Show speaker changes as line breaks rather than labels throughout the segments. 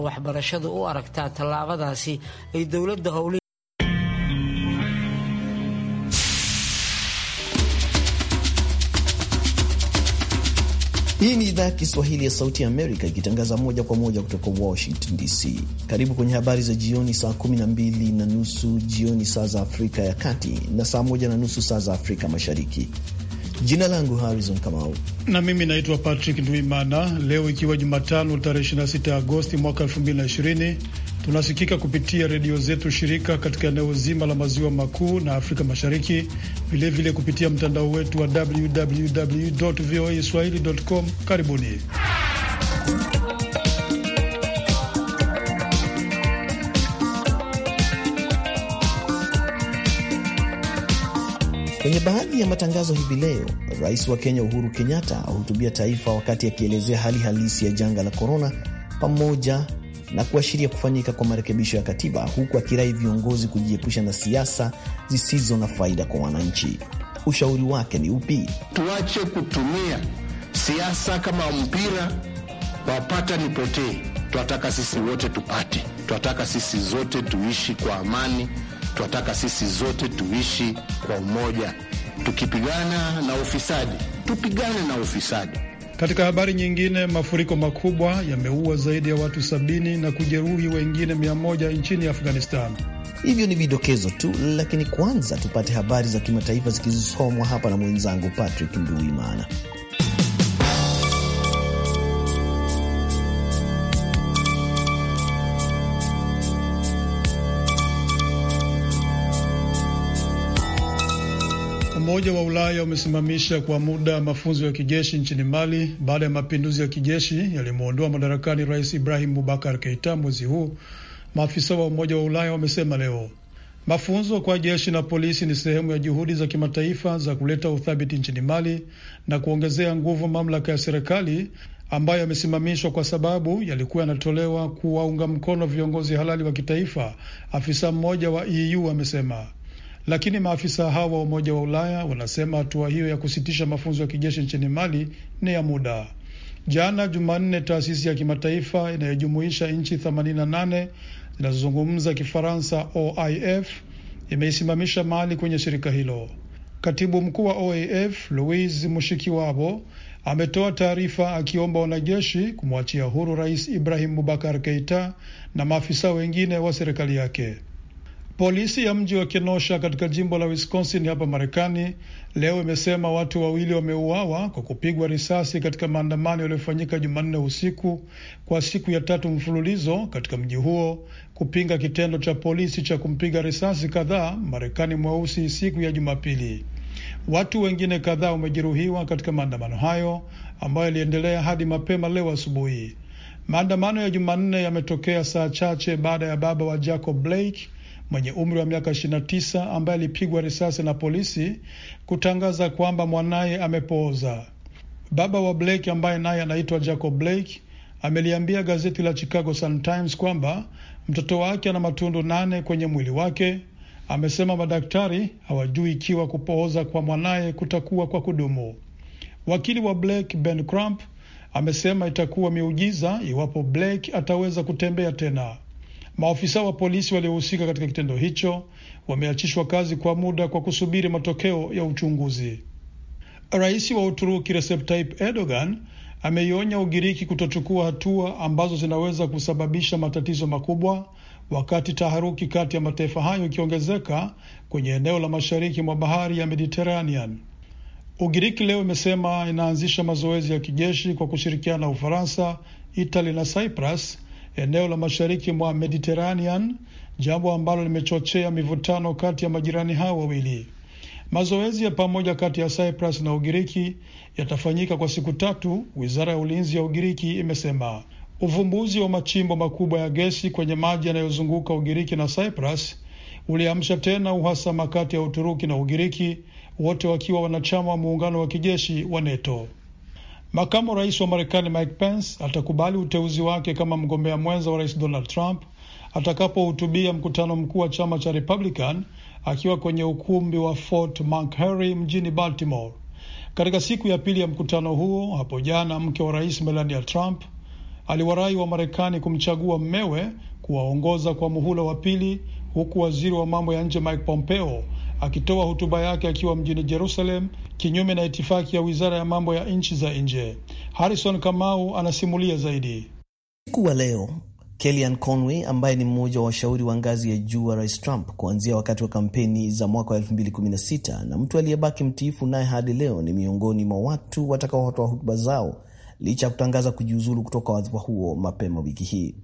waxbarashadu u aragtaa tallaabadaasi ay dowladda howli
Hii ni idhaa ya Kiswahili ya Sauti Amerika ikitangaza moja kwa moja kutoka Washington DC. Karibu kwenye habari za jioni, saa 12 na nusu jioni saa za Afrika ya Kati na saa 1 na nusu saa za Afrika Mashariki. Jina langu Harrison Kamau
na mimi naitwa Patrick Nduimana. Leo ikiwa Jumatano tarehe 26 Agosti mwaka 2020 tunasikika kupitia redio zetu shirika katika eneo zima la maziwa makuu na Afrika Mashariki, vilevile vile kupitia mtandao wetu wa www voa swahili com. Karibuni
Kwenye baadhi ya matangazo hivi leo, rais wa Kenya Uhuru Kenyatta ahutubia taifa wakati akielezea hali halisi ya janga la korona, pamoja na kuashiria kufanyika kwa marekebisho ya katiba, huku akirai viongozi kujiepusha na siasa zisizo na faida kwa wananchi. Ushauri wake ni upi?
Tuache kutumia siasa kama mpira wapata nipotee. Twataka sisi wote tupate, twataka sisi zote tuishi kwa amani Twataka sisi zote tuishi kwa umoja, tukipigana na ufisadi tupigane na ufisadi.
Katika habari nyingine, mafuriko makubwa yameua zaidi ya watu sabini na kujeruhi wengine mia moja nchini Afghanistan.
Hivyo ni vidokezo tu, lakini kwanza tupate habari za kimataifa zikizosomwa hapa na mwenzangu Patrick nduimana
Umoja wa Ulaya umesimamisha kwa muda mafunzo ya kijeshi nchini Mali baada ya mapinduzi ya kijeshi yalimwondoa madarakani Rais Ibrahim Bubakar Keita mwezi huu, maafisa wa Umoja wa Ulaya wamesema leo. Mafunzo kwa jeshi na polisi ni sehemu ya juhudi za kimataifa za kuleta uthabiti nchini Mali na kuongezea nguvu mamlaka ya serikali ambayo yamesimamishwa kwa sababu yalikuwa yanatolewa kuwaunga mkono viongozi halali wa kitaifa, afisa mmoja wa EU amesema lakini maafisa hao wa Umoja wa Ulaya wanasema hatua hiyo ya kusitisha mafunzo ya kijeshi nchini Mali ni ya muda. Jana Jumanne, taasisi ya kimataifa inayojumuisha nchi 88 zinazozungumza Kifaransa, OIF, imeisimamisha Mali kwenye shirika hilo. Katibu mkuu wa OAF Louis Mushikiwabo ametoa taarifa akiomba wanajeshi kumwachia huru Rais Ibrahim Bubakar Keita na maafisa wengine wa serikali yake. Polisi ya mji wa Kenosha katika jimbo la Wisconsin hapa Marekani leo imesema watu wawili wameuawa kwa kupigwa risasi katika maandamano yaliyofanyika Jumanne usiku kwa siku ya tatu mfululizo katika mji huo kupinga kitendo cha polisi cha kumpiga risasi kadhaa Marekani mweusi siku ya Jumapili. Watu wengine kadhaa wamejeruhiwa katika maandamano hayo ambayo yaliendelea hadi mapema leo asubuhi. Maandamano ya Jumanne yametokea saa chache baada ya baba wa Jacob Blake mwenye umri wa miaka 29 ambaye alipigwa risasi na polisi kutangaza kwamba mwanaye amepooza. Baba wa Blake ambaye naye anaitwa Jacob Blake ameliambia gazeti la Chicago Sun-Times kwamba mtoto wake ana matundu nane kwenye mwili wake. Amesema madaktari hawajui ikiwa kupooza kwa mwanaye kutakuwa kwa kudumu. Wakili wa Blake Ben Crump amesema itakuwa miujiza iwapo Blake ataweza kutembea tena. Maafisa wa polisi waliohusika katika kitendo hicho wameachishwa kazi kwa muda kwa kusubiri matokeo ya uchunguzi. Rais wa Uturuki Recep Tayyip Erdogan ameionya Ugiriki kutochukua hatua ambazo zinaweza kusababisha matatizo makubwa wakati taharuki kati ya mataifa hayo ikiongezeka kwenye eneo la mashariki mwa bahari ya Mediteranean. Ugiriki leo imesema inaanzisha mazoezi ya kijeshi kwa kushirikiana na Ufaransa, Itali na Cyprus eneo la mashariki mwa Mediterranean, jambo ambalo limechochea mivutano kati ya majirani hao wawili. Mazoezi ya pamoja kati ya Cyprus na Ugiriki yatafanyika kwa siku tatu, wizara ya ulinzi ya Ugiriki imesema. Uvumbuzi wa machimbo makubwa ya gesi kwenye maji yanayozunguka Ugiriki na Cyprus uliamsha tena uhasama kati ya Uturuki na Ugiriki, wote wakiwa wanachama wa muungano wa kijeshi wa NATO. Makamu rais wa Marekani Mike Pence atakubali uteuzi wake kama mgombea mwenza wa rais Donald Trump atakapohutubia mkutano mkuu wa chama cha Republican akiwa kwenye ukumbi wa Fort McHenry mjini Baltimore. Katika siku ya pili ya mkutano huo hapo jana, mke wa rais Melania Trump aliwarai wa Marekani kumchagua mmewe kuwaongoza kwa muhula wa pili, huku waziri wa mambo ya nje Mike Pompeo akitoa hotuba yake akiwa mjini Jerusalem, kinyume na itifaki ya wizara ya mambo ya nchi za nje. Harrison Kamau anasimulia zaidi.
Siku wa leo Kellyanne Conway ambaye ni mmoja wa washauri wa ngazi ya juu wa Rais Trump kuanzia wakati wa kampeni za mwaka wa 2016 na mtu aliyebaki mtiifu naye hadi leo, ni miongoni mwa watu watakaotoa hotuba zao licha ya kutangaza kujiuzulu kutoka wadhifa huo mapema wiki hii.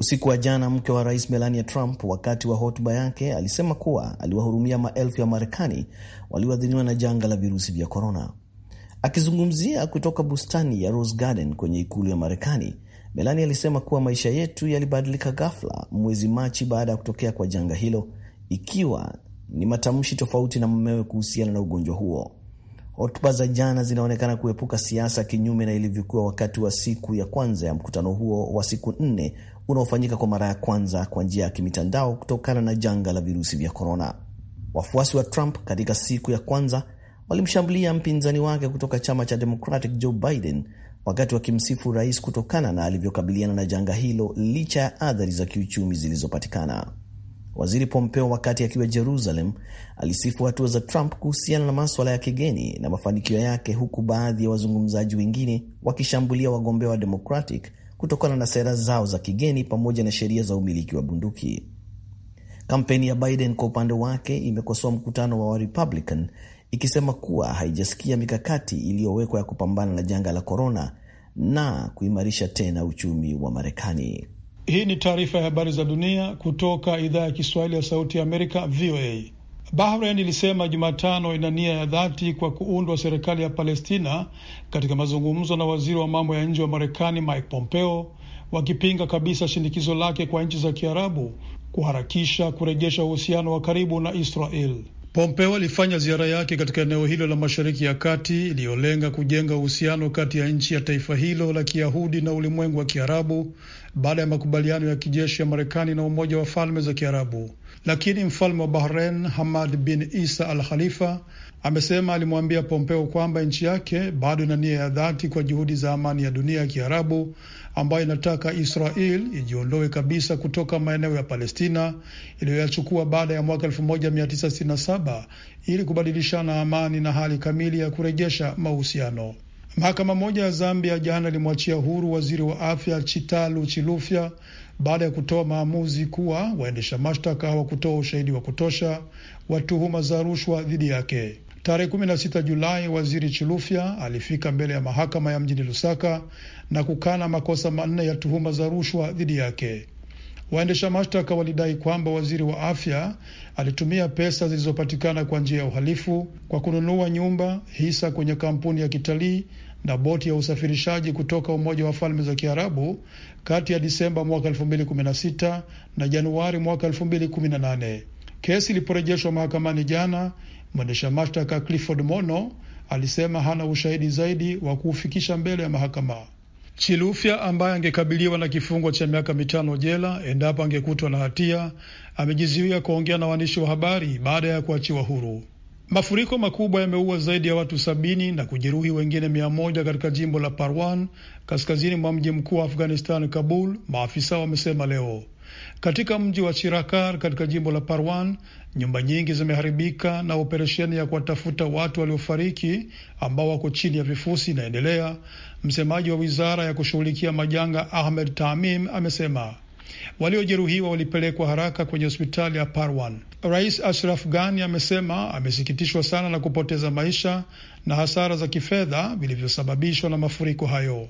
Usiku wa jana mke wa rais Melania Trump, wakati wa hotuba yake, alisema kuwa aliwahurumia maelfu ya Marekani walioathiriwa na janga la virusi vya korona. Akizungumzia kutoka bustani ya Rose Garden kwenye ikulu ya Marekani, Melania alisema kuwa maisha yetu yalibadilika ghafla mwezi Machi baada ya kutokea kwa janga hilo, ikiwa ni matamshi tofauti na mmewe kuhusiana na ugonjwa huo. Hotuba za jana zinaonekana kuepuka siasa, kinyume na ilivyokuwa wakati wa siku ya kwanza ya mkutano huo wa siku nne unaofanyika kwa mara ya kwanza kwa njia ya kimitandao kutokana na janga la virusi vya korona. Wafuasi wa Trump katika siku ya kwanza walimshambulia mpinzani wake kutoka chama cha Democratic Joe Biden wakati wakimsifu rais kutokana na alivyokabiliana na janga hilo licha ya athari za kiuchumi zilizopatikana. Waziri Pompeo, wakati akiwa Jerusalem, alisifu hatua za Trump kuhusiana na maswala ya kigeni na mafanikio yake, huku baadhi ya wazungumzaji wengine wakishambulia wagombea wa Democratic kutokana na sera zao za kigeni pamoja na sheria za umiliki wa bunduki. Kampeni ya Biden kwa upande wake imekosoa mkutano wa Warepublican ikisema kuwa haijasikia mikakati iliyowekwa ya kupambana na janga la korona na kuimarisha tena uchumi wa Marekani.
Hii
ni taarifa ya habari za dunia kutoka idhaa ya Kiswahili ya Sauti ya Amerika, VOA. Bahrain ilisema Jumatano ina nia ya dhati kwa kuundwa serikali ya Palestina katika mazungumzo na waziri wa mambo ya nje wa Marekani Mike Pompeo, wakipinga kabisa shinikizo lake kwa nchi za Kiarabu kuharakisha kurejesha uhusiano wa karibu na Israel. Pompeo alifanya ziara yake katika eneo hilo la Mashariki ya Kati iliyolenga kujenga uhusiano kati ya nchi ya taifa hilo la Kiyahudi na ulimwengu wa Kiarabu baada ya makubaliano ya kijeshi ya Marekani na Umoja wa Falme za Kiarabu. Lakini mfalme wa Bahrain Hamad bin Isa Al Khalifa amesema alimwambia Pompeo kwamba nchi yake bado ina nia ya dhati kwa juhudi za amani ya dunia ya Kiarabu ambayo inataka Israel ijiondoe kabisa kutoka maeneo ya Palestina iliyoyachukua baada ya mwaka 1967 ili kubadilishana amani na hali kamili ya kurejesha mahusiano. Mahakama moja ya Zambia jana ilimwachia huru waziri wa afya Chitalu Chilufya baada ya kutoa maamuzi kuwa waendesha mashtaka hawakutoa ushahidi wa kutosha wa tuhuma za rushwa dhidi yake. Tarehe 16 Julai, waziri Chilufya alifika mbele ya mahakama ya mjini Lusaka na kukana makosa manne ya tuhuma za rushwa dhidi yake. Waendesha mashtaka walidai kwamba waziri wa afya alitumia pesa zilizopatikana kwa njia ya uhalifu kwa kununua nyumba, hisa kwenye kampuni ya kitalii na boti ya usafirishaji kutoka Umoja wa Falme za Kiarabu kati ya Disemba mwaka 2016 na Januari mwaka 2018. Kesi iliporejeshwa mahakamani jana Mwendesha mashtaka Clifford Mono alisema hana ushahidi zaidi wa kuufikisha mbele ya mahakama. Chilufya ambaye angekabiliwa na kifungo cha miaka mitano jela endapo angekutwa na hatia amejizuia kuongea na waandishi wa habari baada ya kuachiwa huru. Mafuriko makubwa yameua zaidi ya watu sabini na kujeruhi wengine mia moja katika jimbo la Parwan kaskazini mwa mji mkuu wa Afghanistan, Kabul, maafisa wamesema leo. Katika mji wa Chirakar katika jimbo la Parwan, nyumba nyingi zimeharibika na operesheni ya kuwatafuta watu waliofariki ambao wako chini ya vifusi inaendelea. Msemaji wa wizara ya kushughulikia majanga Ahmed Tamim amesema waliojeruhiwa walipelekwa haraka kwenye hospitali ya Parwan. Rais Ashraf Ghani amesema amesikitishwa sana na kupoteza maisha na hasara za kifedha vilivyosababishwa na mafuriko hayo.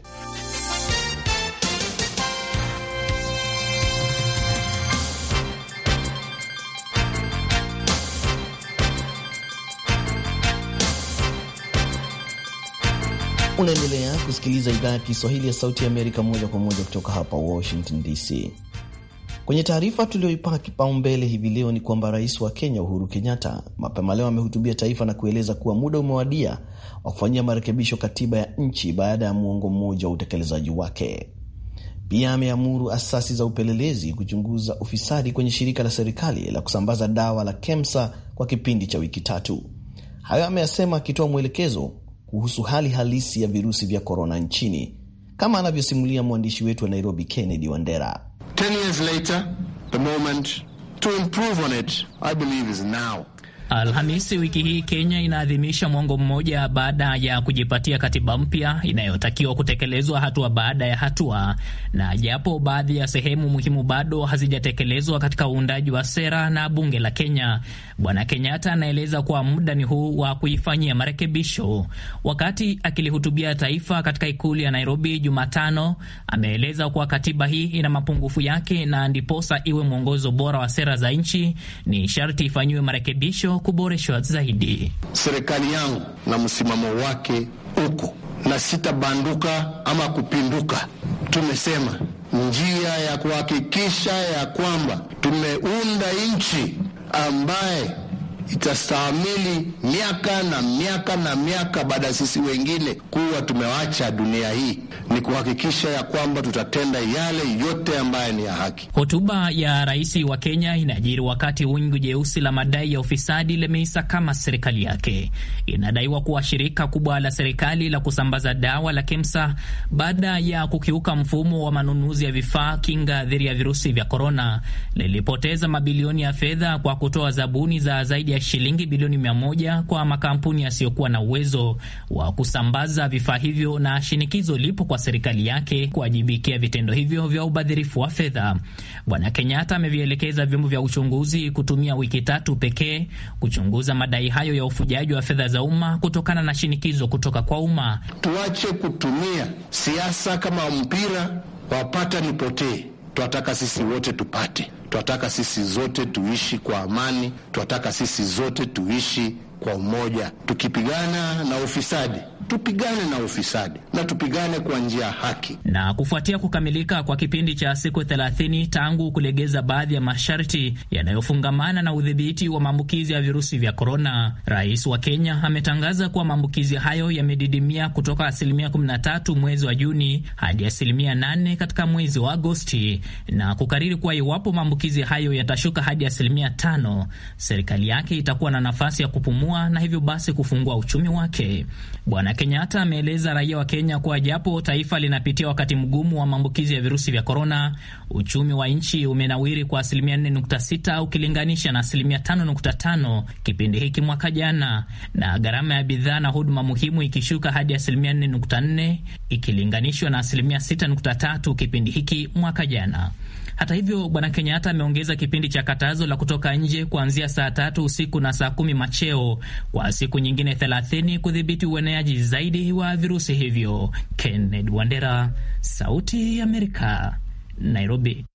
Unaendelea kusikiliza idhaa ya Kiswahili ya Sauti ya Amerika moja kwa moja kutoka hapa Washington DC. Kwenye taarifa tuliyoipaka kipaumbele hivi leo ni kwamba rais wa Kenya Uhuru Kenyatta mapema leo amehutubia taifa na kueleza kuwa muda umewadia wa kufanyia marekebisho katiba ya nchi baada ya muongo mmoja wa utekelezaji wake. Pia ameamuru asasi za upelelezi kuchunguza ufisadi kwenye shirika la serikali la kusambaza dawa la KEMSA kwa kipindi cha wiki tatu. Hayo ameyasema akitoa mwelekezo kuhusu hali halisi ya virusi vya korona nchini, kama anavyosimulia mwandishi wetu wa Nairobi, Kennedy Wandera.
Ten
years later, the moment to improve on it, I believe is now. Alhamisi wiki hii Kenya inaadhimisha mwongo mmoja baada ya kujipatia katiba mpya inayotakiwa kutekelezwa hatua baada ya hatua, na japo baadhi ya sehemu muhimu bado hazijatekelezwa katika uundaji wa sera na bunge la Kenya, Bwana Kenyatta anaeleza kuwa muda ni huu wa kuifanyia marekebisho. Wakati akilihutubia taifa katika ikulu ya Nairobi Jumatano, ameeleza kuwa katiba hii ina mapungufu yake, na ndiposa iwe mwongozo bora wa sera za nchi, ni sharti ifanyiwe marekebisho yao kuboreshwa zaidi.
Serikali yangu na msimamo wake uko na sitabanduka ama kupinduka. Tumesema njia ya kuhakikisha ya kwamba tumeunda nchi ambaye itastahimili miaka na miaka na miaka baada ya sisi wengine kuwa tumewacha dunia hii, ni kuhakikisha ya kwamba tutatenda yale yote ambayo ni ya haki.
Hotuba ya rais wa Kenya inajiri wakati wingu jeusi la madai ya ufisadi limeisa kama serikali yake. Inadaiwa kuwa shirika kubwa la serikali la kusambaza dawa la KEMSA baada ya kukiuka mfumo wa manunuzi ya vifaa kinga dhidi ya virusi vya korona lilipoteza mabilioni ya fedha kwa kutoa zabuni za zaidi ya shilingi bilioni mia moja kwa makampuni yasiyokuwa na uwezo wa kusambaza vifaa hivyo, na shinikizo lipo kwa serikali yake kuwajibikia vitendo hivyo vya ubadhirifu wa fedha. Bwana Kenyatta amevielekeza vyombo vya uchunguzi kutumia wiki tatu pekee kuchunguza madai hayo ya ufujaji wa fedha za umma kutokana na shinikizo kutoka kwa umma.
Tuache kutumia siasa kama mpira, wapata nipotee, twataka sisi wote tupate. Tunataka sisi zote tuishi kwa amani, tunataka sisi zote tuishi kwa umoja, tukipigana na ufisadi tupigane na ufisadi
na tupigane kwa njia haki. Na kufuatia kukamilika kwa kipindi cha siku 30 tangu kulegeza baadhi ya masharti yanayofungamana na udhibiti wa maambukizi ya virusi vya korona, rais wa Kenya ametangaza kuwa maambukizi hayo yamedidimia kutoka asilimia 13 mwezi wa Juni hadi asilimia 8 katika mwezi wa Agosti, na kukariri kuwa iwapo maambukizi hayo yatashuka hadi asilimia 5, serikali yake itakuwa na nafasi ya kupumua kupanua na hivyo basi kufungua uchumi wake. Bwana Kenyatta ameeleza raia wa Kenya kuwa japo taifa linapitia wakati mgumu wa maambukizi ya virusi vya korona, uchumi wa nchi umenawiri kwa asilimia 4.6 ukilinganisha na asilimia 5.5 kipindi hiki mwaka jana, na gharama ya bidhaa na huduma muhimu ikishuka hadi asilimia 4.4 ikilinganishwa na asilimia 6.3 kipindi hiki mwaka jana. Hata hivyo, Bwana Kenyatta ameongeza kipindi cha katazo la kutoka nje kuanzia saa tatu usiku na saa kumi macheo kwa siku nyingine thelathini kudhibiti ueneaji zaidi wa virusi hivyo. Kenneth Wandera, Sauti ya Amerika, Nairobi.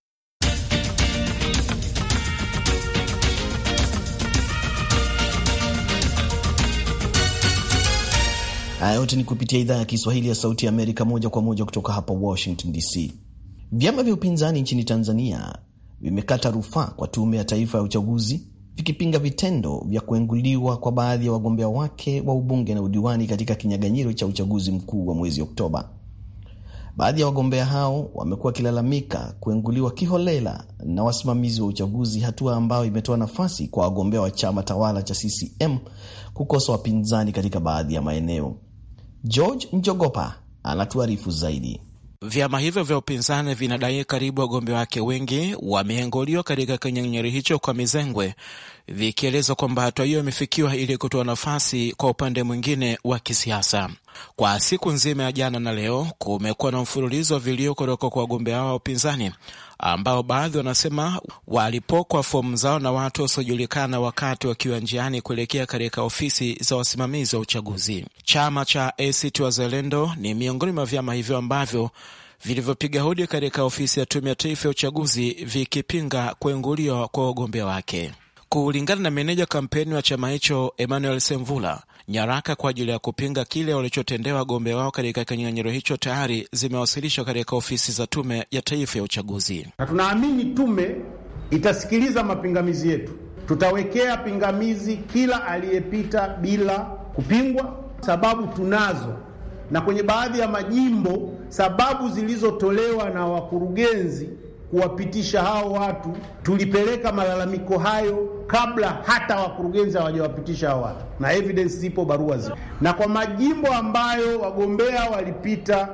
Haya yote ni kupitia idhaa ya Kiswahili ya Sauti ya Amerika, moja kwa moja kutoka hapa Washington DC. Vyama vya upinzani nchini Tanzania vimekata rufaa kwa Tume ya Taifa ya Uchaguzi vikipinga vitendo vya kuenguliwa kwa baadhi ya wagombea wake wa ubunge na udiwani katika kinyaganyiro cha uchaguzi mkuu wa mwezi Oktoba. Baadhi ya wagombea hao wamekuwa wakilalamika kuenguliwa kiholela na wasimamizi wa uchaguzi, hatua ambayo imetoa nafasi kwa wagombea wa chama tawala cha CCM kukosa wapinzani katika baadhi ya maeneo. George Njogopa anatuarifu zaidi.
Vyama hivyo vya upinzani vinadai karibu wagombea wake wengi wameanguliwa katika kinyang'anyiro hicho kwa mizengwe, vikieleza kwamba hatua hiyo imefikiwa ili kutoa nafasi kwa upande mwingine wa kisiasa. Kwa siku nzima ya jana na leo kumekuwa na mfululizo wa vilio kutoka kwa wagombea hao wa upinzani ambao baadhi wanasema walipokwa fomu zao na watu wasiojulikana wakati wakiwa njiani kuelekea katika ofisi za wasimamizi wa uchaguzi. Chama cha ACT Wazalendo ni miongoni mwa vyama hivyo ambavyo vilivyopiga hodi katika ofisi ya Tume ya Taifa ya Uchaguzi vikipinga kuenguliwa kwa wagombea wake. Kulingana na meneja kampeni wa chama hicho Emmanuel Semvula, nyaraka kwa ajili ya kupinga kile walichotendewa wagombea wao katika kinyang'anyiro hicho tayari zimewasilishwa katika ofisi za Tume ya Taifa ya Uchaguzi,
na tunaamini tume itasikiliza mapingamizi yetu. Tutawekea pingamizi kila aliyepita bila kupingwa, sababu tunazo, na kwenye baadhi ya majimbo sababu zilizotolewa na wakurugenzi kuwapitisha hao watu. Tulipeleka malalamiko hayo kabla hata wakurugenzi hawajawapitisha hao watu, na evidence zipo, barua zipo. Na kwa majimbo ambayo wagombea walipita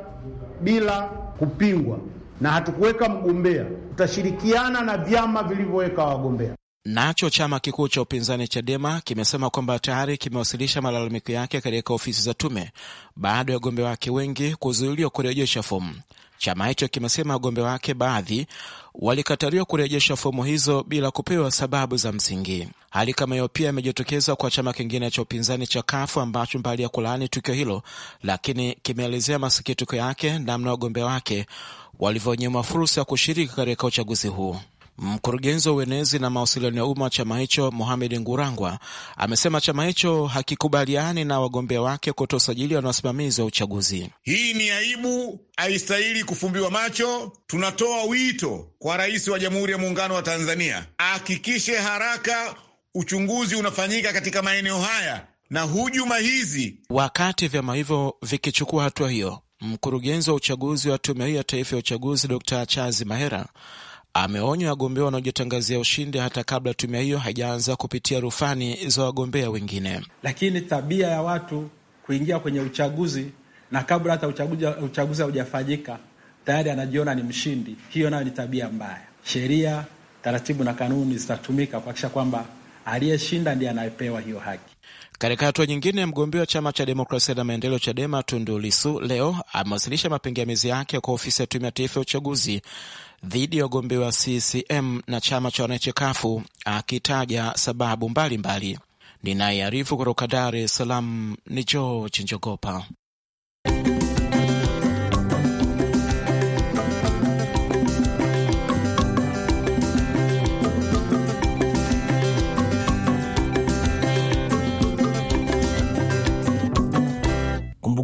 bila kupingwa na hatukuweka mgombea, tutashirikiana na vyama vilivyoweka wagombea.
Nacho chama kikuu cha upinzani Chadema kimesema kwamba tayari kimewasilisha malalamiko yake katika ofisi za tume baada ya wagombea wake wengi kuzuiliwa kurejesha fomu. Chama hicho kimesema wagombea wake baadhi walikataliwa kurejesha fomu hizo bila kupewa sababu za msingi. Hali kama hiyo pia imejitokeza kwa chama kingine cha upinzani cha Kafu ambacho mbali ya kulaani tukio hilo, lakini kimeelezea masikitiko yake namna wagombea wake walivyonyimwa fursa ya kushiriki katika uchaguzi huu. Mkurugenzi wa uenezi na mawasiliano ya umma wa chama hicho Mohamed Ngurangwa amesema chama hicho hakikubaliani na wagombea wake kuto usajili na wasimamizi wa uchaguzi.
Hii ni aibu, haistahili kufumbiwa macho. Tunatoa wito kwa Rais wa Jamhuri ya Muungano wa Tanzania ahakikishe haraka uchunguzi unafanyika katika maeneo haya na hujuma hizi.
Wakati vyama hivyo vikichukua hatua hiyo, mkurugenzi wa uchaguzi wa Tume Huru ya Taifa ya Uchaguzi Dr Charles Mahera ameonywa wagombea wanaojitangazia ushindi hata kabla tume hiyo haijaanza kupitia rufani za wagombea wengine. Lakini tabia ya watu kuingia kwenye uchaguzi na kabla hata uchaguzi haujafanyika tayari anajiona ni mshindi, hiyo nayo ni tabia mbaya. Sheria, taratibu na kanuni zitatumika kuhakikisha kwamba aliyeshinda ndiye anayepewa hiyo haki. Katika hatua nyingine, mgombea wa chama cha demokrasia na maendeleo CHADEMA Tundu Lisu leo amewasilisha mapingamizi yake kwa ofisi ya tume ya taifa ya uchaguzi dhidi ya wagombea wa CCM na chama cha wananchi kafu akitaja sababu mbalimbali. Ninayearifu kutoka Dar es Salaam ni George Njogopa.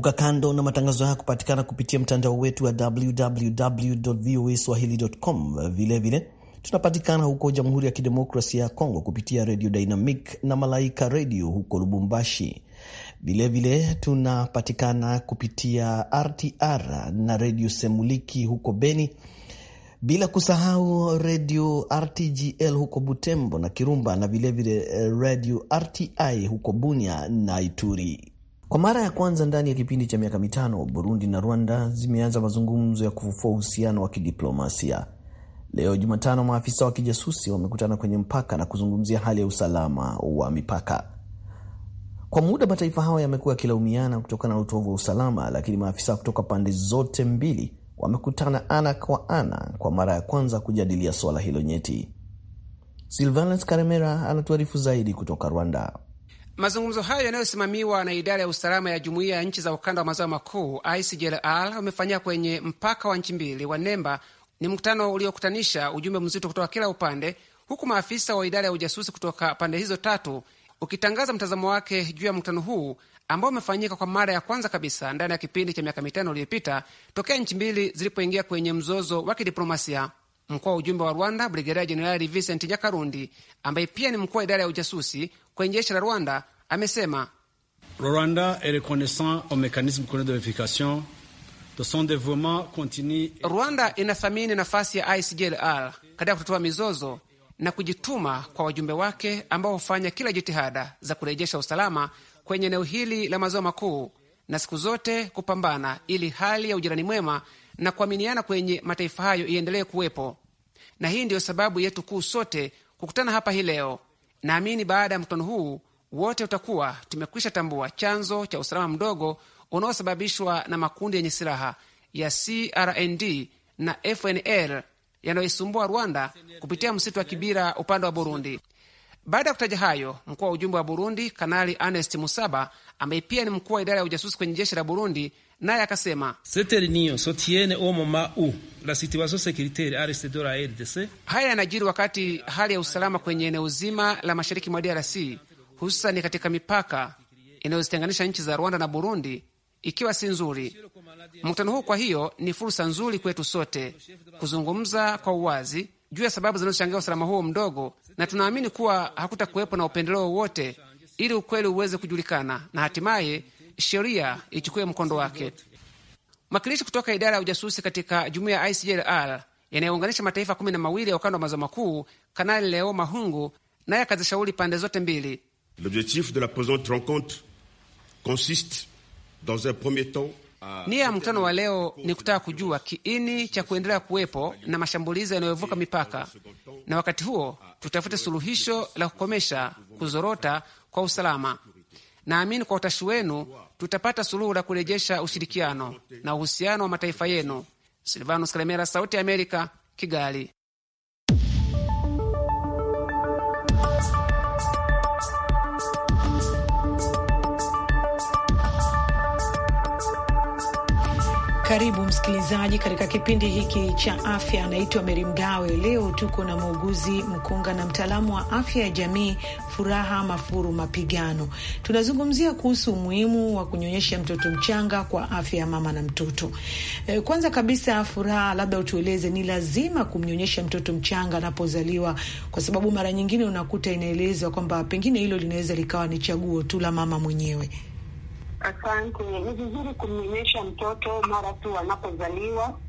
Kumbuka, kando na matangazo haya kupatikana kupitia mtandao wetu wa www voa swahilicom Vilevile tunapatikana huko Jamhuri ya Kidemokrasia ya Kongo kupitia Radio Dynamic na Malaika Radio huko Lubumbashi. Vilevile tunapatikana kupitia RTR na Redio Semuliki huko Beni, bila kusahau redio RTGL huko Butembo na Kirumba, na vilevile eh, redio RTI huko Bunia na Ituri. Kwa mara ya kwanza ndani ya kipindi cha miaka mitano, Burundi na Rwanda zimeanza mazungumzo ya kufufua uhusiano wa kidiplomasia. Leo Jumatano, maafisa wa kijasusi wamekutana kwenye mpaka na kuzungumzia hali ya usalama wa mipaka. Kwa muda mataifa hayo yamekuwa yakilaumiana kutokana na utovu wa usalama, lakini maafisa kutoka pande zote mbili wamekutana ana kwa ana kwa mara ya kwanza kujadilia suala hilo nyeti. Silvanus Karemera anatuarifu zaidi kutoka Rwanda.
Mazungumzo hayo yanayosimamiwa na idara ya usalama ya jumuiya ya nchi za ukanda wa maziwa makuu ICJLR umefanyika kwenye mpaka wa nchi mbili wa Nemba. Ni mkutano uliokutanisha ujumbe mzito kutoka kila upande, huku maafisa wa idara ya ujasusi kutoka pande hizo tatu ukitangaza mtazamo wake juu ya mkutano huu ambao umefanyika kwa mara ya kwanza kabisa ndani ya kipindi cha miaka mitano iliyopita tokea nchi mbili zilipoingia kwenye mzozo wa kidiplomasia. Mkuu wa ujumbe wa Rwanda Brigedia Jenerali Vincent Nyakarundi, ambaye pia ni mkuu wa idara ya ujasusi kwenye jeshi la Rwanda, amesema Rwanda est reconnaissant au de de son continu. Rwanda inathamini nafasi ya ICJLR katika kutatua mizozo na kujituma kwa wajumbe wake ambao hufanya kila jitihada za kurejesha usalama kwenye eneo hili la maziwa makuu na siku zote kupambana ili hali ya ujirani mwema na kuaminiana kwenye mataifa hayo iendelee kuwepo, na hii ndiyo sababu yetu kuu sote kukutana hapa hii leo. Naamini baada ya mkutano huu wote utakuwa tumekwisha tambua chanzo cha usalama mdogo unaosababishwa na makundi yenye silaha ya CRND na FNL yanayoisumbua Rwanda kupitia msitu wa Kibira upande wa Burundi. Baada ya kutaja hayo, mkuu wa ujumbe wa Burundi Kanali Ernest Musaba, ambaye pia ni mkuu wa idara ya ujasusi kwenye jeshi la Burundi, naye akasema haya yanajiri wakati hali ya usalama kwenye eneo zima la mashariki mwa DRC hususani katika mipaka inayozitenganisha nchi za Rwanda na Burundi ikiwa si nzuri. Mkutano huu kwa hiyo ni fursa nzuri kwetu sote kuzungumza kwa uwazi juu ya sababu zinazochangia usalama huo mdogo, na tunaamini kuwa hakutakuwepo na upendeleo wowote, ili ukweli uweze kujulikana na hatimaye sheria ichukue mkondo wake. Mwakilishi kutoka idara ya ujasusi katika jumuiya ya ICJLR yanayounganisha mataifa kumi na mawili ya ukanda wa maziwa makuu, Kanali Leo Mahungu, naye akazishauri pande zote mbili. Nia ya mkutano wa leo ni kutaka kujua kiini cha kuendelea kuwepo na mashambulizi yanayovuka mipaka, na wakati huo tutafute suluhisho la kukomesha kuzorota kwa usalama Naamini kwa utashi wenu tutapata suluhu la kurejesha ushirikiano na uhusiano wa mataifa yenu. Silvanus Kalemera, Sauti ya Amerika, Kigali.
Karibu msikilizaji katika kipindi hiki cha afya. Anaitwa Meri Mgawe. Leo tuko na muuguzi mkunga na mtaalamu wa afya ya jamii Furaha Mafuru Mapigano. Tunazungumzia kuhusu umuhimu wa kunyonyesha mtoto mchanga kwa afya ya mama na mtoto. E, kwanza kabisa, Furaha, labda utueleze ni lazima kumnyonyesha mtoto mchanga anapozaliwa, kwa sababu mara nyingine unakuta inaelezwa kwamba pengine hilo linaweza likawa ni chaguo tu la mama mwenyewe.
Asante. Ni vizuri kumnyonyesha mtoto mara tu anapozaliwa,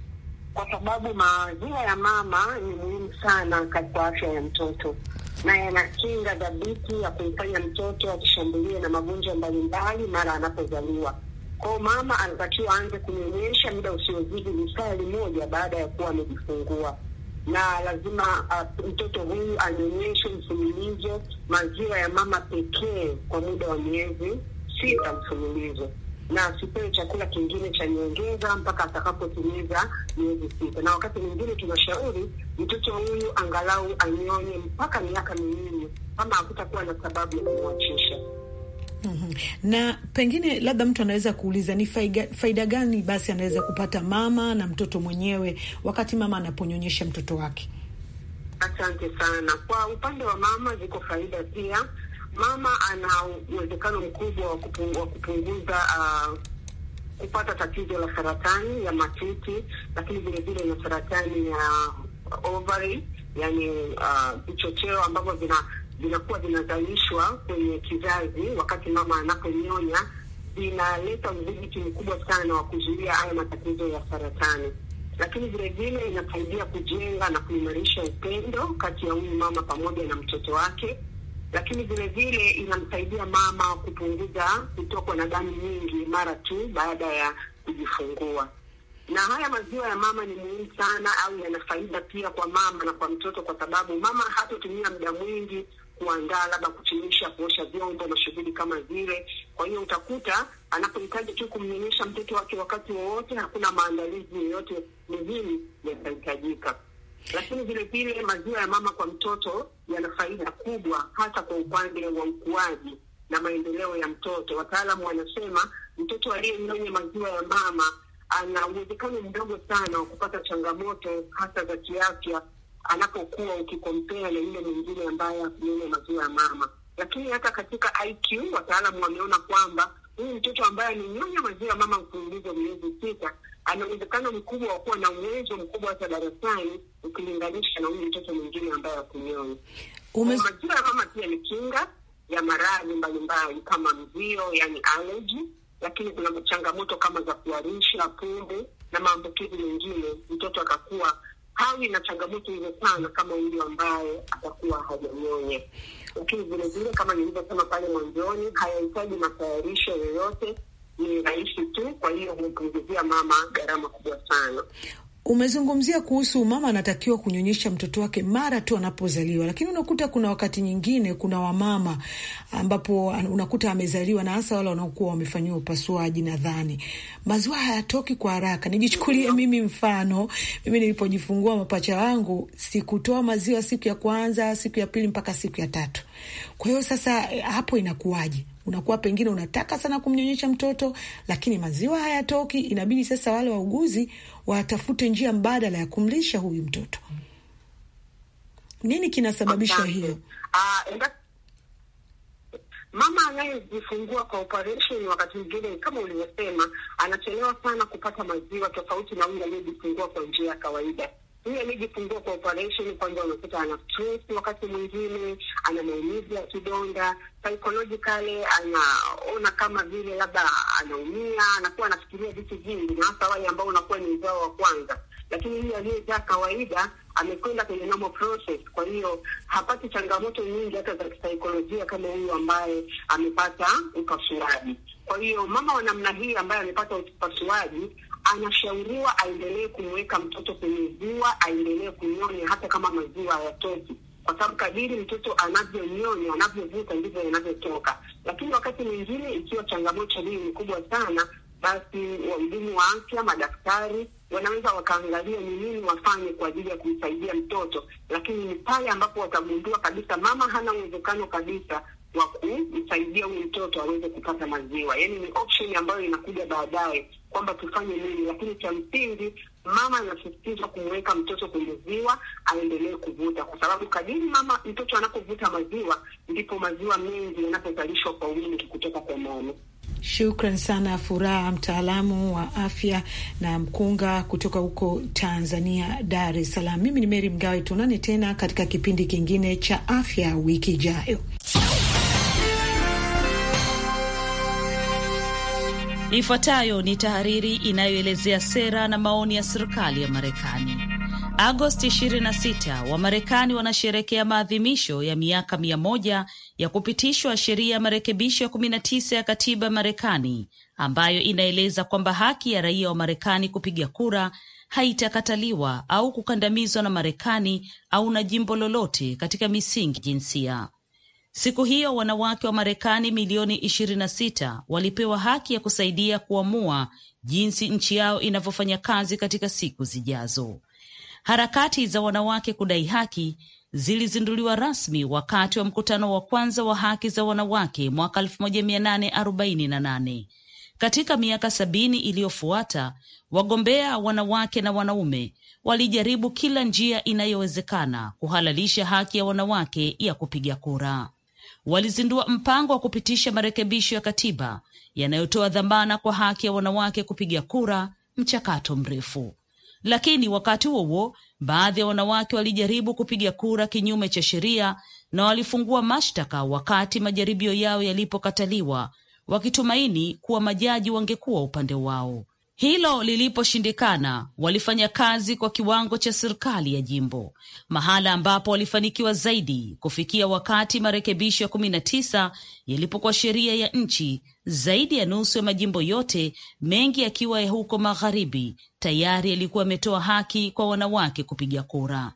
kwa sababu maziwa ya mama ni muhimu sana katika afya ya mtoto, na yana kinga dhabiti ya kumfanya mtoto akishambulia na magonjwa mbalimbali mara anapozaliwa. Kwao mama anatakiwa aanze kunyonyesha muda usiozidi misali moja baada ya kuwa amejifungua na lazima uh, mtoto huyu anyonyeshe mfululizo maziwa ya mama pekee kwa muda wa miezi sita mfululizo na asipewe chakula kingine cha nyongeza mpaka atakapotimiza miezi sita. Na wakati mwingine tunashauri mtoto huyu angalau anyonye mpaka miaka miwili kama hakutakuwa na sababu ya kumwachisha.
Mm -hmm. Na pengine labda mtu anaweza kuuliza ni faiga, faida gani basi anaweza kupata mama na mtoto mwenyewe wakati mama anaponyonyesha mtoto wake?
Asante sana. Kwa upande wa mama ziko faida pia mama ana uwezekano mkubwa wa kupunguza, kupunguza uh, kupata tatizo la saratani ya matiti, lakini vilevile na saratani ya ovary, yani uh, vichocheo uh, ambavyo vina vinakuwa vinazalishwa kwenye kizazi wakati mama anaponyonya, vinaleta udhibiti mkubwa sana wa kuzuia haya matatizo ya saratani. Lakini vilevile inasaidia kujenga na kuimarisha upendo kati ya huyu mama pamoja na mtoto wake lakini vilevile inamsaidia mama kupunguza kutokwa na damu nyingi mara tu baada ya kujifungua. Na haya maziwa ya mama ni muhimu sana, au yana faida pia kwa mama na kwa mtoto, kwa sababu mama hatotumia muda mwingi kuandaa labda kuchemsha, kuosha vyombo na shughuli kama zile. Kwa hiyo utakuta anapohitaji tu kumnyonyesha mtoto wake wakati wowote, hakuna maandalizi yoyote muhimu yatahitajika. Lakini vilevile maziwa ya mama kwa mtoto yana faida kubwa hata kwa upande wa ukuaji na maendeleo ya mtoto. Wataalamu wanasema mtoto aliyenyonya maziwa ya mama ana uwezekano mdogo sana wa kupata changamoto hasa za kiafya anapokuwa ukikompea na yule mwingine ambaye akunyonya maziwa ya mama. Lakini hata katika IQ wataalamu wameona kwamba huyu mtoto ambaye amenyonya maziwa ya mama mfululizo miezi sita ana uwezekano mkubwa wa kuwa na uwezo mkubwa hata darasani ukilinganisha na huyu mtoto mwingine ambaye hakunyonyi. majira ya mama pia ni kinga ya maradhi mbalimbali kama mzio, yani allergy, lakini kuna changamoto kama za kuharisha, pumbu na maambukizi mengine, mtoto akakuwa hawi na changamoto hizo sana kama huyu ambaye atakuwa hajanyonya. Lakini vilevile, kama nilivyosema pale mwanzoni, hayahitaji matayarisho yoyote ni tu, kwa hiyo humpunguzia mama gharama kubwa
sana. Umezungumzia kuhusu mama anatakiwa kunyonyesha mtoto wake mara tu anapozaliwa, lakini unakuta kuna wakati nyingine kuna wamama ambapo unakuta amezaliwa na hasa wale wanaokuwa wamefanyiwa upasuaji, nadhani maziwa hayatoki kwa haraka. Nijichukulie mimi mfano, mimi nilipojifungua mapacha wangu sikutoa maziwa siku ya kwanza, siku ya pili mpaka siku ya tatu kwa hiyo sasa eh, hapo inakuwaje? Unakuwa pengine unataka sana kumnyonyesha mtoto, lakini maziwa hayatoki. Inabidi sasa wale wauguzi watafute njia mbadala ya kumlisha huyu mtoto. Nini kinasababisha hiyo?
Ah, Mama anayejifungua kwa operation wakati mwingine, kama ulivyosema, anachelewa sana kupata maziwa, tofauti na huyu aliyejifungua kwa njia ya kawaida hiyo ilijipungua kwa operation kwanza, unakuta ana stress, wakati mwingine ana maumivu ya kidonda psychologically, anaona kama vile labda anaumia, anakuwa anafikiria vitu vingi, na hasa wale ambao unakuwa ni mzao wa kwanza. Lakini huyu aliyejaa kawaida amekwenda kwenye normal process, kwa hiyo hapati changamoto nyingi hata za kisaikolojia kama huyu ambaye amepata upasuaji. Kwa hiyo mama wa namna hii ambaye amepata upasuaji anashauriwa aendelee kumweka mtoto kwenye ziwa, aendelee kunyonya hata kama maziwa hayatoki, kwa sababu kadiri mtoto anavyonyonya, anavyovuta, ndivyo yanavyotoka. Lakini wakati mwingine, ikiwa changamoto hii ni kubwa sana, basi wahudumu wa afya, madaktari wanaweza wakaangalia ni nini wafanye kwa ajili ya kumsaidia mtoto, lakini ni pale ambapo watagundua kabisa mama hana uwezekano kabisa wa kumsaidia huyu mtoto aweze kupata maziwa. Yaani ni option ambayo inakuja baadaye kwamba tufanye nini, lakini cha msingi mama anasisitizwa kumweka mtoto kwenye ziwa aendelee kuvuta, kwa sababu kadiri mama mtoto anapovuta maziwa ndipo maziwa mengi yanapozalishwa kwa wingi kutoka kwa
mama. Shukran sana Furaha, mtaalamu wa afya na mkunga kutoka huko Tanzania, Dar es Salaam. Mimi ni Meri Mgawe, tuonane tena katika
kipindi kingine cha afya wiki ijayo. Ifuatayo ni tahariri inayoelezea sera na maoni ya serikali ya Marekani. Agosti 26 Wamarekani wanasherekea maadhimisho ya miaka mia moja ya kupitishwa sheria ya marekebisho ya 19 ya katiba Marekani ambayo inaeleza kwamba haki ya raia wa Marekani kupiga kura haitakataliwa au kukandamizwa na Marekani au na jimbo lolote katika misingi jinsia. Siku hiyo wanawake wa Marekani milioni 26 walipewa haki ya kusaidia kuamua jinsi nchi yao inavyofanya kazi katika siku zijazo. Harakati za wanawake kudai haki zilizinduliwa rasmi wakati wa mkutano wa kwanza wa haki za wanawake mwaka 1848. Katika miaka sabini iliyofuata wagombea wanawake na wanaume walijaribu kila njia inayowezekana kuhalalisha haki ya wanawake ya kupiga kura walizindua mpango wa kupitisha marekebisho ya katiba yanayotoa dhamana kwa haki ya wanawake kupiga kura, mchakato mrefu. Lakini wakati huo huo, baadhi ya wanawake walijaribu kupiga kura kinyume cha sheria na walifungua mashtaka wakati majaribio yao yalipokataliwa, wakitumaini kuwa majaji wangekuwa upande wao. Hilo liliposhindikana, walifanya kazi kwa kiwango cha serikali ya jimbo, mahala ambapo walifanikiwa zaidi kufikia wakati marekebisho ya kumi na tisa yalipokuwa sheria ya nchi. Zaidi ya nusu ya majimbo yote, mengi yakiwa ya huko magharibi, tayari yalikuwa yametoa haki kwa wanawake kupiga kura.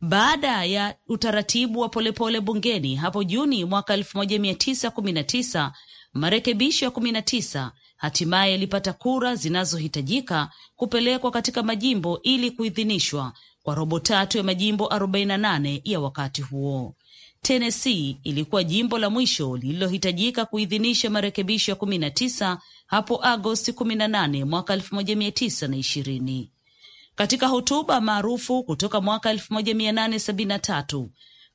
Baada ya utaratibu wa polepole pole bungeni hapo Juni mwaka 1919 marekebisho ya tisa hatimaye alipata kura zinazohitajika kupelekwa katika majimbo ili kuidhinishwa kwa robo tatu ya majimbo 48 ya wakati huo. Tennessee ilikuwa jimbo la mwisho lililohitajika kuidhinisha marekebisho ya 19 hapo Agosti 18 mwaka 1920. Katika hotuba maarufu kutoka mwaka 1873,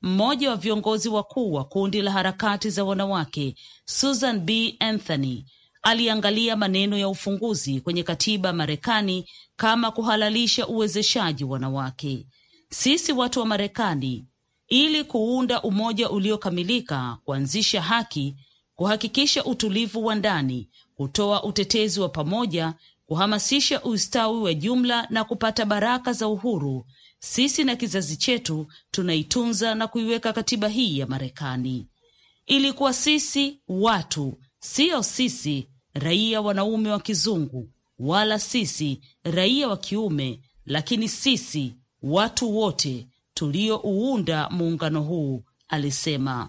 mmoja wa viongozi wakuu wa kundi la harakati za wanawake Susan B. Anthony aliangalia maneno ya ufunguzi kwenye katiba Marekani kama kuhalalisha uwezeshaji wanawake. Sisi watu wa Marekani, ili kuunda umoja uliokamilika, kuanzisha haki, kuhakikisha utulivu wa ndani, kutoa utetezi wa pamoja, kuhamasisha ustawi wa jumla na kupata baraka za uhuru, sisi na kizazi chetu tunaitunza na kuiweka katiba hii ya Marekani. Ilikuwa sisi watu, siyo sisi raia wanaume wa kizungu, wala sisi raia wa kiume, lakini sisi watu wote tuliouunda muungano huu, alisema.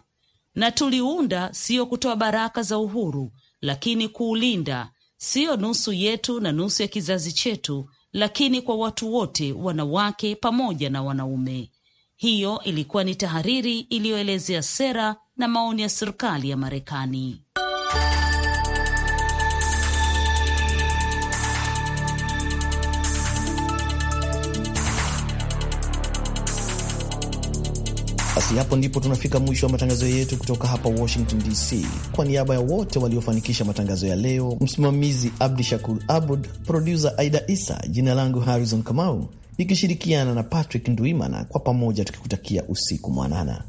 Na tuliunda siyo kutoa baraka za uhuru, lakini kuulinda, siyo nusu yetu na nusu ya kizazi chetu, lakini kwa watu wote, wanawake pamoja na wanaume. Hiyo ilikuwa ni tahariri iliyoelezea sera na maoni ya serikali ya Marekani.
Basi hapo ndipo tunafika mwisho wa matangazo yetu kutoka hapa Washington DC. Kwa niaba ya wote waliofanikisha matangazo ya leo, msimamizi Abdi Shakur Abud, produsa Aida Isa, jina langu Harrison Kamau nikishirikiana na Patrick Nduimana, kwa pamoja tukikutakia usiku mwanana.